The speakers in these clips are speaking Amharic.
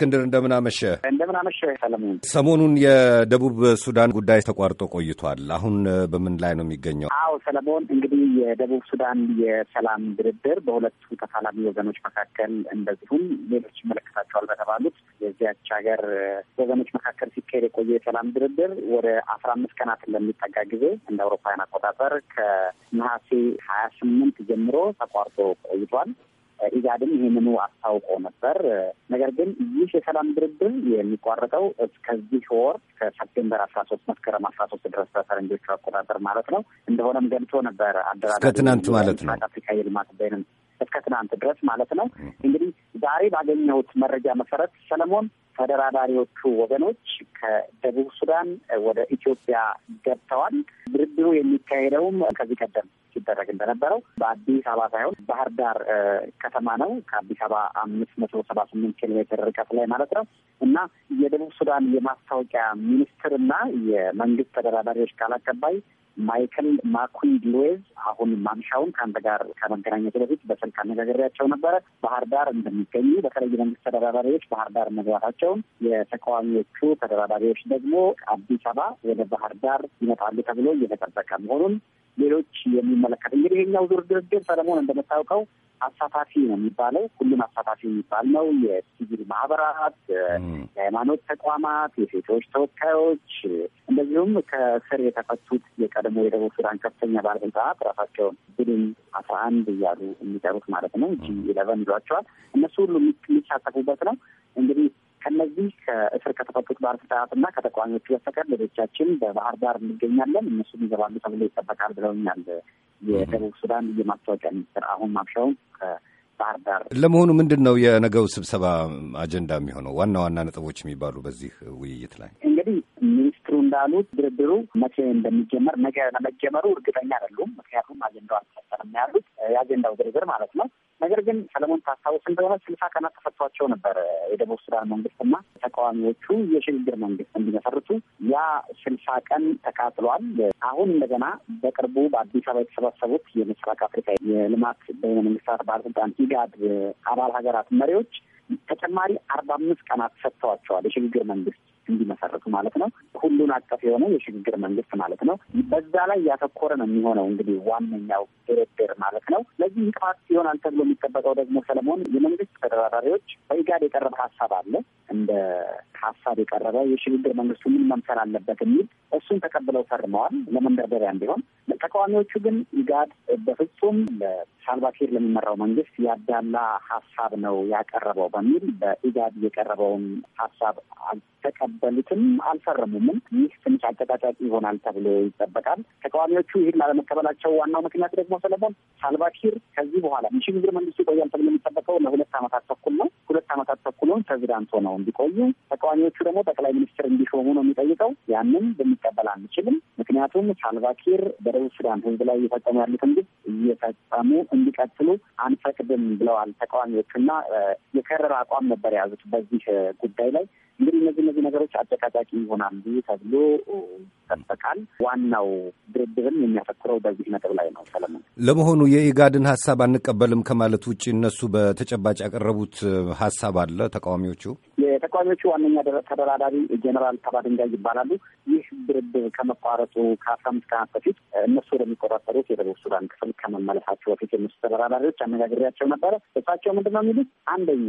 እስክንድር እንደምን አመሸ። እንደምን አመሸ ሰለሞን። ሰሞኑን የደቡብ ሱዳን ጉዳይ ተቋርጦ ቆይቷል። አሁን በምን ላይ ነው የሚገኘው? አዎ ሰለሞን፣ እንግዲህ የደቡብ ሱዳን የሰላም ድርድር በሁለቱ ተፋላሚ ወገኖች መካከል እንደዚሁም ሌሎች ይመለከታቸዋል በተባሉት የዚያች ሀገር ወገኖች መካከል ሲካሄድ የቆየ የሰላም ድርድር ወደ አስራ አምስት ቀናት ለሚጠጋ ጊዜ እንደ አውሮፓውያን አቆጣጠር ከነሐሴ ሀያ ስምንት ጀምሮ ተቋርጦ ቆይቷል። ኢጋድም ይህንኑ አስታውቆ ነበር። ነገር ግን ይህ የሰላም ድርድር የሚቋረጠው እስከዚህ ወር ከሰፕቴምበር አስራ ሶስት መስከረም አስራ ሶስት ድረስ በፈረንጆቹ አቆጣጠር ማለት ነው እንደሆነም ገልጾ ነበር። አደራዳሪ እስከ ትናንት ማለት ነው አፍሪካ የልማት በይንም እስከ ትናንት ድረስ ማለት ነው። እንግዲህ ዛሬ ባገኘሁት መረጃ መሰረት ሰለሞን ተደራዳሪዎቹ ወገኖች ከደቡብ ሱዳን ወደ ኢትዮጵያ ገብተዋል። ድርድሩ የሚካሄደውም ከዚህ ቀደም ሲደረግ እንደነበረው በአዲስ አበባ ሳይሆን ባህር ዳር ከተማ ነው። ከአዲስ አበባ አምስት መቶ ሰባ ስምንት ኪሎ ሜትር ርቀት ላይ ማለት ነው እና የደቡብ ሱዳን የማስታወቂያ እና የመንግስት ተደራዳሪዎች ቃል አቀባይ ማይክል ማኩንድ ሉዌዝ አሁን ማምሻውን ከአንተ ጋር ከመገናኘቱ በፊት በስልክ አነጋገሪያቸው ነበረ። ባህር ዳር እንደሚገኙ በተለይ መንግስት ተደራዳሪዎች ባህር ዳር መግባታቸውን፣ የተቃዋሚዎቹ ተደራዳሪዎች ደግሞ አዲስ አበባ ወደ ባህር ዳር ይመጣሉ ተብሎ እየተጠበቀ መሆኑን ሌሎች የሚመለከት እንግዲህ ይሄኛው ዙር ድርድር ሰለሞን እንደምታውቀው አሳታፊ ነው የሚባለው። ሁሉም አሳታፊ የሚባል ነው። የሲቪል ማህበራት፣ የሃይማኖት ተቋማት፣ የሴቶች ተወካዮች እንደዚሁም ከስር የተፈቱት የቀድሞ የደቡብ ሱዳን ከፍተኛ ባለስልጣናት ራሳቸውን ቡድን አስራ አንድ እያሉ የሚጠሩት ማለት ነው ጂ ኢለቨን ይሏቸዋል። እነሱ ሁሉ የሚሳተፉበት ነው እንግዲህ ከነዚህ ከእስር ከተፈቱት ባለስልጣናት እና ከተቃዋሚዎቹ በስተቀር ሌሎቻችን በባህር ዳር እንገኛለን፣ እነሱ ይገባሉ ተብሎ ይጠበቃል ብለውኛል የደቡብ ሱዳን የማስታወቂያ ሚኒስትር አሁን ማምሻውን ከባህር ዳር። ለመሆኑ ምንድን ነው የነገው ስብሰባ አጀንዳ የሚሆነው ዋና ዋና ነጥቦች የሚባሉ በዚህ ውይይት ላይ እንዳሉት ድርድሩ መቼ እንደሚጀመር መጀመሩ እርግጠኛ አይደሉም። ምክንያቱም አጀንዳው አልተፈጠረም ያሉት የአጀንዳው ድርድር ማለት ነው። ነገር ግን ሰለሞን ታስታውስ እንደሆነ ስልሳ ቀናት ተሰጥቷቸው ነበር የደቡብ ሱዳን መንግስትና ተቃዋሚዎቹ የሽግግር መንግስት እንዲመሰርቱ። ያ ስልሳ ቀን ተቃጥሏል። አሁን እንደገና በቅርቡ በአዲስ አበባ የተሰባሰቡት የምስራቅ አፍሪካ የልማት በይነ መንግስታት ባለስልጣን ኢጋድ አባል ሀገራት መሪዎች ተጨማሪ አርባ አምስት ቀናት ሰጥተዋቸዋል የሽግግር መንግስት እንዲመሰረቱ ማለት ነው። ሁሉን አቀፍ የሆነ የሽግግር መንግስት ማለት ነው። በዛ ላይ ያተኮረ ነው የሚሆነው እንግዲህ ዋነኛው ድርድር ማለት ነው። ለዚህ ንቃት ይሆናል ተብሎ የሚጠበቀው ደግሞ ሰለሞን፣ የመንግስት ተደራዳሪዎች በኢጋድ የቀረበ ሀሳብ አለ እንደ ሀሳብ የቀረበ የሽግግር መንግስቱ ምን መምሰል አለበት የሚል እሱን ተቀብለው ፈርመዋል ለመንደርደሪያ እንዲሆን። ተቃዋሚዎቹ ግን ኢጋድ በፍጹም ለሳልቫኪር ለሚመራው መንግስት ያዳላ ሀሳብ ነው ያቀረበው በሚል በኢጋድ የቀረበውን ሀሳብ ተቀብ የተቀበሉትም አልፈረሙምም። ይህ ትንሽ አጨቃጫቂ ይሆናል ተብሎ ይጠበቃል። ተቃዋሚዎቹ ይህን ላለመቀበላቸው ዋናው ምክንያት ደግሞ ሰለሞን ሳልቫኪር ከዚህ በኋላ የሽግግር መንግስቱ ይቆያል ተብሎ የሚጠበቀው ለሁለት ዓመታት ተኩል ነው። ሁለት ዓመታት ተኩሉን ፕሬዚዳንት ሆነው እንዲቆዩ፣ ተቃዋሚዎቹ ደግሞ ጠቅላይ ሚኒስትር እንዲሾሙ ነው የሚጠይቀው። ያንን ልንቀበል አንችልም። ምክንያቱም ሳልቫኪር በደቡብ ሱዳን ህዝብ ላይ እየፈጸሙ ያሉትን ግብ እየፈጸሙ እንዲቀጥሉ አንፈቅድም ብለዋል እና የከረረ አቋም ነበር የያዙት በዚህ ጉዳይ ላይ እንግዲህ እነዚህ እነዚህ ነገሮች አጨቃጫቂ ይሆናሉ ተብሎ ይጠበቃል። ዋናው ድርድርም የሚያተኩረው በዚህ ነጥብ ላይ ነው። ሰለሞን፣ ለመሆኑ የኢጋድን ሀሳብ አንቀበልም ከማለት ውጭ እነሱ በተጨባጭ ያቀረቡት ሀሳብ አለ? ተቃዋሚዎቹ የተቃዋሚዎቹ ዋነኛ ተደራዳሪ ጀኔራል ከባድንጋይ ይባላሉ። ይህ ድርድር ከመቋረጡ ከአስራ አምስት ቀናት በፊት እነሱ ወደሚቆጣጠሩት የደቡብ ሱዳን ክፍል ከመመለሳቸው በፊት የነሱ ተደራዳሪዎች አነጋግሬያቸው ነበረ። እሳቸው ምንድን ነው የሚሉት? አንደኛ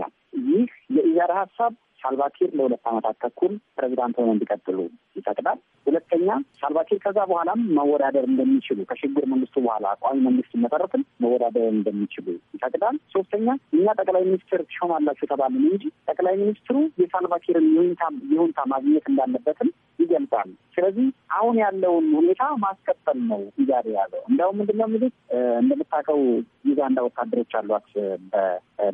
ይህ የኢጋድ ሀሳብ ሳልቫኪር ለሁለት ዓመታት ተኩል ፕሬዚዳንት ሆነው እንዲቀጥሉ ይፈቅዳል። ሁለተኛ ሳልቫኪር ከዛ በኋላም መወዳደር እንደሚችሉ ከሽግግር መንግስቱ በኋላ ቋሚ መንግስት መሰረትም መወዳደር እንደሚችሉ ይፈቅዳል። ሶስተኛ እኛ ጠቅላይ ሚኒስትር ትሾማላችሁ ተባልን እንጂ ጠቅላይ ሚኒስትሩ የሳልቫኪርን ይሁንታ ማግኘት እንዳለበትም ይገልጻል። ስለዚህ አሁን ያለውን ሁኔታ ማስቀጠል ነው ኢጋድ ያለው። እንዲያውም ምንድነው ምልት እንደምታውቀው ዩጋንዳ ወታደሮች አሏት በ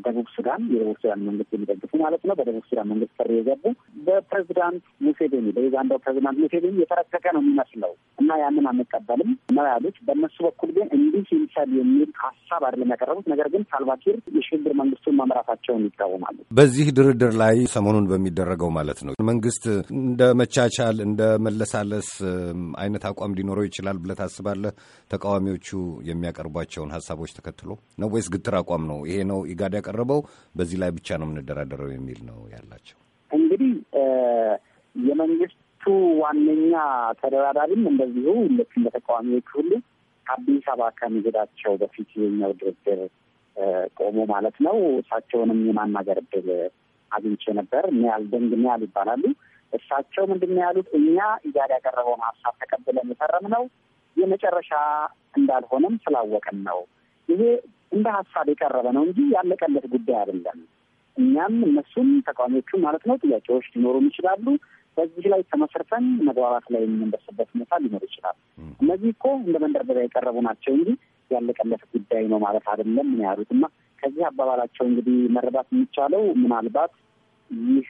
ደቡብ ሱዳን የደቡብ ሱዳን መንግስት የሚደግፉ ማለት ነው። በደቡብ ሱዳን መንግስት ጥሪ የገቡ በፕሬዚዳንት ሙሴቬኒ በዩጋንዳው ፕሬዚዳንት ሙሴቬኒ የተረከከ ነው የሚመስለው እና ያንን አንቀበልም ነው ያሉት። በእነሱ በኩል ግን እንዲህ ሲምሰል የሚል ሀሳብ አይደለም ያቀረቡት። ነገር ግን ሳልቫኪር የሽግግር መንግስቱን መምራታቸውን ይቃወማሉ። በዚህ ድርድር ላይ ሰሞኑን በሚደረገው ማለት ነው መንግስት እንደ መቻቻል እንደ መለሳለስ አይነት አቋም ሊኖረው ይችላል ብለህ ታስባለህ? ተቃዋሚዎቹ የሚያቀርቧቸውን ሀሳቦች ተከትሎ ነው ወይስ ግትር አቋም ነው? ይሄ ነው ኢጋድ ያቀረበው በዚህ ላይ ብቻ ነው የምንደራደረው የሚል ነው ያላቸው። እንግዲህ የመንግስቱ ዋነኛ ተደራዳሪም እንደዚሁ ልክ እንደ ተቃዋሚዎች ሁሉ አዲስ አበባ ከመሄዳቸው በፊት የኛው ድርድር ቆሞ ማለት ነው። እሳቸውንም የማናገር እድል አግኝቼ ነበር። ኒያል ደንግ ኒያል ይባላሉ። እሳቸው ምንድን ነው ያሉት? እኛ ኢጋድ ያቀረበውን ሀሳብ ተቀብለን የፈረም ነው የመጨረሻ እንዳልሆነም ስላወቅን ነው። ይሄ እንደ ሀሳብ የቀረበ ነው እንጂ ያለቀለት ጉዳይ አይደለም። እኛም እነሱም ተቃዋሚዎቹ ማለት ነው ጥያቄዎች ሊኖሩም ይችላሉ። በዚህ ላይ ተመስርተን መግባባት ላይ የምንደርስበት ሁኔታ ሊኖር ይችላል። እነዚህ እኮ እንደ መንደርደሪያ የቀረቡ ናቸው እንጂ ያለቀለት ጉዳይ ነው ማለት አይደለም ነው ያሉት እና ከዚህ አባባላቸው እንግዲህ መረዳት የሚቻለው ምናልባት ይህ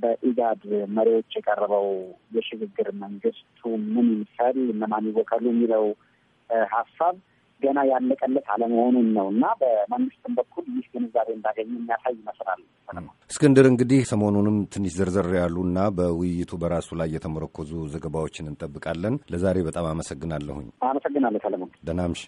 በኢጋድ መሪዎች የቀረበው የሽግግር መንግስቱ ምን ይምሰል፣ እነማን ይወከሉ የሚለው ሀሳብ ገና ያለቀለት አለመሆኑን ነው እና በመንግስትም በኩል ይህ ግንዛቤ እንዳገኘ የሚያሳይ ይመስላል። እስክንድር፣ እንግዲህ ሰሞኑንም ትንሽ ዝርዝር ያሉና በውይይቱ በራሱ ላይ የተመረኮዙ ዘገባዎችን እንጠብቃለን። ለዛሬ በጣም አመሰግናለሁኝ። አመሰግናለሁ ሰለሞን። ደህና እምሽ።